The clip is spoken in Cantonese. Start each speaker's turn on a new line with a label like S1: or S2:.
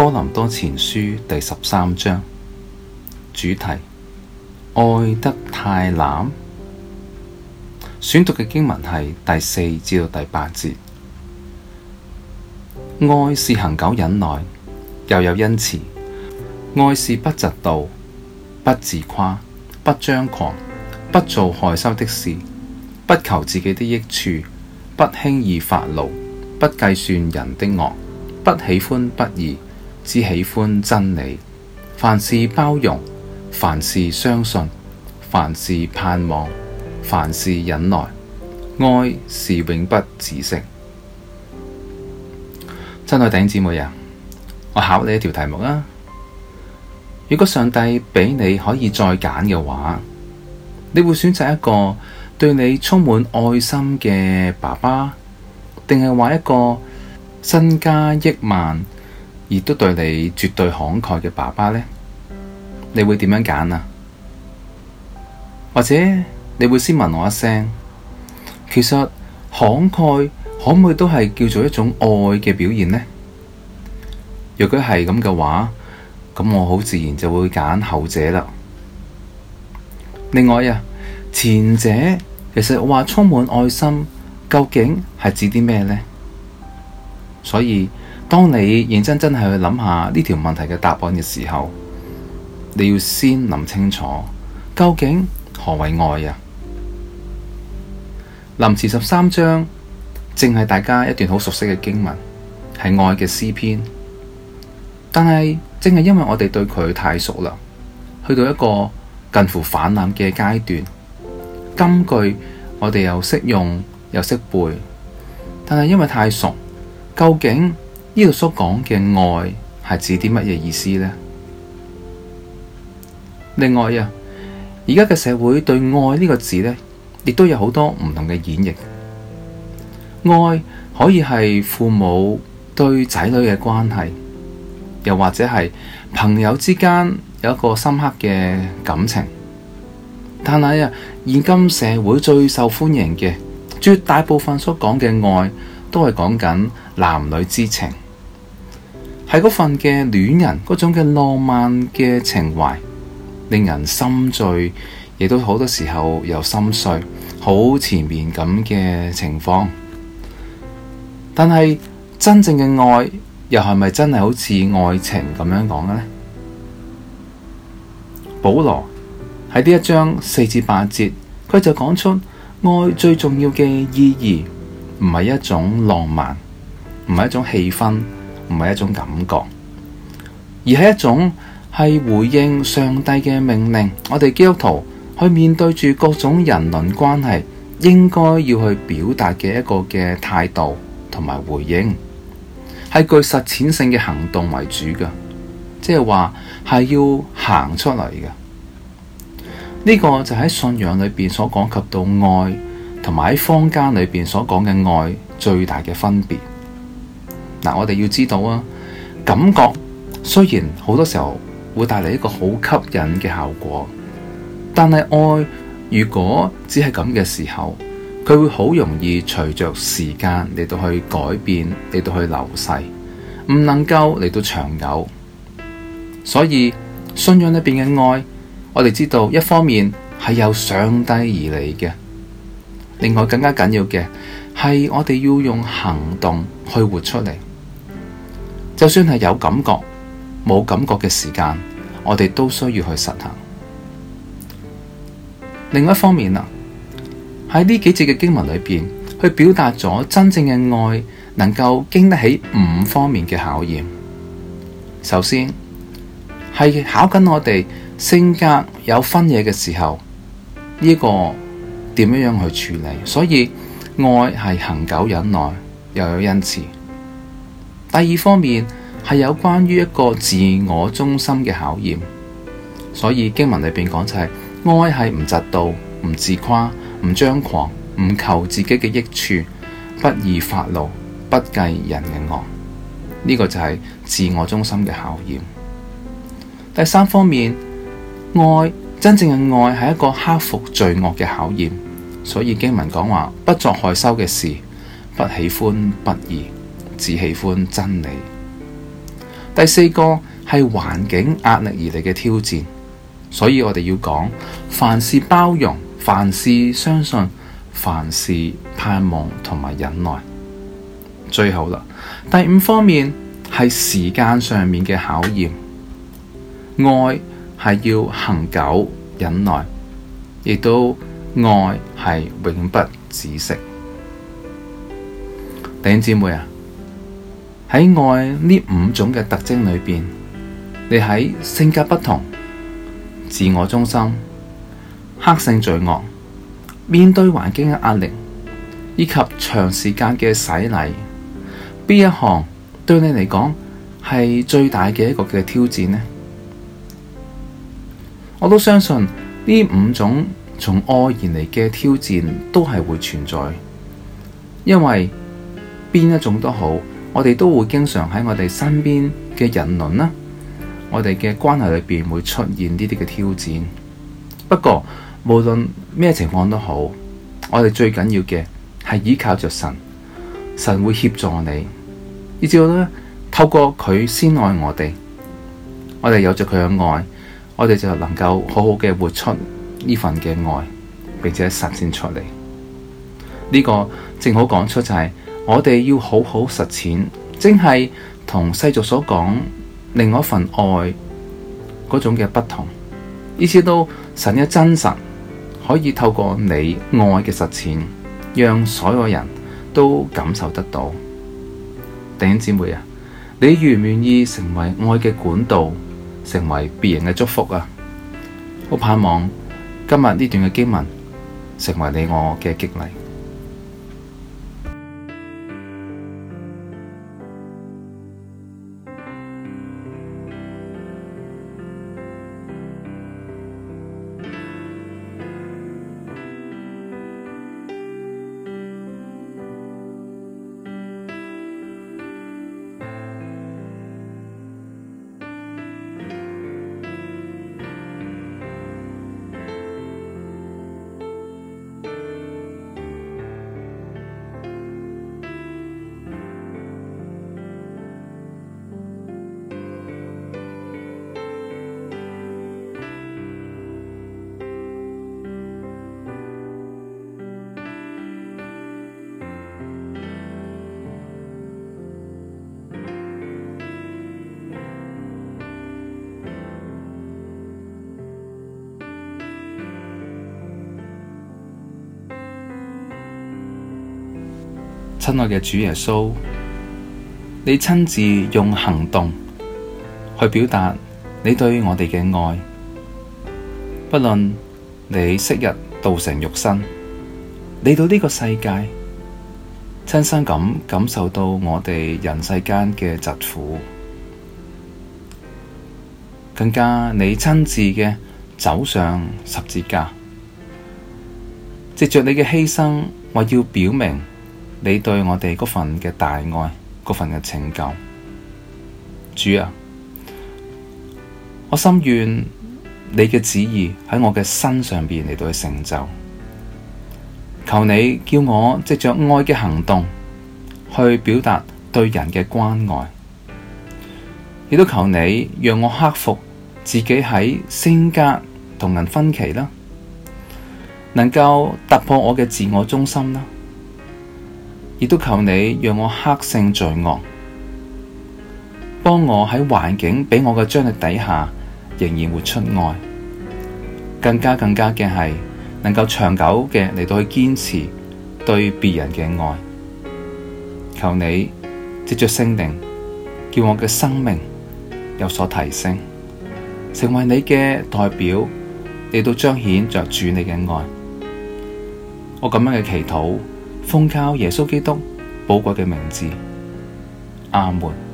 S1: 哥林多前書》第十三章，主題愛得太濫。選讀嘅經文係第四至到第八節。愛是恒久忍耐，又有恩慈；愛是不嫉妒，不自誇，不張狂，不做害羞的事，不求自己的益處，不輕易發怒，不計算人的惡，不喜歡不義。只喜歡真理，凡事包容，凡事相信，凡事盼望，凡事忍耐。愛是永不止息。親愛頂姊妹啊，我考你一條題目啊。如果上帝俾你可以再揀嘅話，你會選擇一個對你充滿愛心嘅爸爸，定係話一個身家億萬？亦都對你絕對慷慨嘅爸爸咧，你會點樣揀啊？或者你會先問我一聲，其實慷慨可唔可以都係叫做一種愛嘅表現呢？若果係咁嘅話，咁我好自然就會揀後者啦。另外啊，前者其實我話充滿愛心，究竟係指啲咩咧？所以。當你認真真係去諗下呢條問題嘅答案嘅時候，你要先諗清楚究竟何謂愛啊？林前十三章正係大家一段好熟悉嘅經文，係愛嘅詩篇。但係正係因為我哋對佢太熟啦，去到一個近乎泛濫嘅階段，金句我哋又識用又識背，但係因為太熟，究竟，呢度所講嘅愛係指啲乜嘢意思呢？另外啊，而家嘅社會對愛呢個字咧，亦都有好多唔同嘅演繹。愛可以係父母對仔女嘅關係，又或者係朋友之間有一個深刻嘅感情。但係啊，現今社會最受歡迎嘅絕大部分所講嘅愛，都係講緊。男女之情係嗰份嘅戀人嗰種嘅浪漫嘅情懷，令人心醉，亦都好多時候又心碎，好纏綿咁嘅情況。但係真正嘅愛又係咪真係好似愛情咁樣講嘅呢？保羅喺呢一章四至八節，佢就講出愛最重要嘅意義，唔係一種浪漫，唔係一種氣氛，唔係一種感覺，而係一種係回應上帝嘅命令。我哋基督徒去面對住各種人倫關係，應該要去表達嘅一個嘅態度同埋回應，係具實踐性嘅行動為主嘅，即係話係要行出嚟嘅。呢個就喺信仰裏邊所講及到愛，同埋喺坊間裏邊所講嘅愛最大嘅分別。嗱，我哋要知道啊，感覺雖然好多時候會帶嚟一個好吸引嘅效果，但係愛如果只係咁嘅時候，佢會好容易隨着時間嚟到去改變，嚟到去流逝，唔能夠嚟到長久。所以信仰裏面嘅愛，我哋知道，一方面係由上帝而嚟嘅，另外更加緊要嘅係我哋要用行動去活出嚟。就算係有感覺、冇感覺嘅時間，我哋都需要去實行。另一方面啊，喺呢幾節嘅經文裏邊，去表達咗真正嘅愛能夠經得起五方面嘅考驗。首先係考緊我哋性格有分嘢嘅時候，呢個點樣樣去處理？所以愛係恆久忍耐，又有恩慈。第二方面。係有關於一個自我中心嘅考驗，所以經文裏邊講就係、是、愛係唔嫉妒、唔自誇、唔張狂、唔求自己嘅益處，不易發怒，不計人嘅惡。呢、這個就係自我中心嘅考驗。第三方面，愛真正嘅愛係一個克服罪惡嘅考驗，所以經文講話不作害羞嘅事，不喜歡不義，只喜歡真理。第四個係環境壓力而嚟嘅挑戰，所以我哋要講，凡事包容，凡事相信，凡事盼望同埋忍耐。最後啦，第五方面係時間上面嘅考驗，愛係要恒久忍耐，亦都愛係永不止息。頂姐妹啊！喺愛呢五種嘅特徵裏邊，你喺性格不同、自我中心、黑性罪惡、面對環境嘅壓力，以及長時間嘅洗禮，邊一項對你嚟講係最大嘅一個嘅挑戰呢？我都相信呢五種從愛而嚟嘅挑戰都係會存在，因為邊一種都好。我哋都會經常喺我哋身邊嘅人倫啦，我哋嘅關係裏邊會出現呢啲嘅挑戰。不過無論咩情況都好，我哋最緊要嘅係依靠着神，神會協助你。而之後咧，透過佢先愛我哋，我哋有着佢嘅愛，我哋就能夠好好嘅活出呢份嘅愛，並且實踐出嚟。呢、這個正好講出就係。我哋要好好實踐，正係同世俗所講另外一份愛嗰種嘅不同，意識到神嘅真實，可以透過你愛嘅實踐，讓所有人都感受得到。弟兄姊妹啊，你願唔願意成為愛嘅管道，成為別人嘅祝福啊？我盼望今日呢段嘅經文，成為你我嘅激勵。親愛嘅主耶穌，你親自用行動去表達你對我哋嘅愛，不論你昔日道成肉身，你到呢個世界親身咁感,感受到我哋人世間嘅疾苦，更加你親自嘅走上十字架，藉着你嘅犧牲，我要表明。你對我哋嗰份嘅大愛，嗰份嘅拯救，主啊，我心願你嘅旨意喺我嘅身上邊嚟到去成就。求你叫我借着愛嘅行動去表達對人嘅關愛，亦都求你讓我克服自己喺性格同人分歧啦，能夠突破我嘅自我中心啦。亦都求你讓我克勝罪惡，幫我喺環境畀我嘅張力底下，仍然活出愛，更加更加嘅係能夠長久嘅嚟到去堅持對別人嘅愛。求你藉着聖靈，叫我嘅生命有所提升，成為你嘅代表，嚟到彰顯着主你嘅愛。我咁樣嘅祈禱，奉靠耶穌基督寶貴嘅名字，阿門。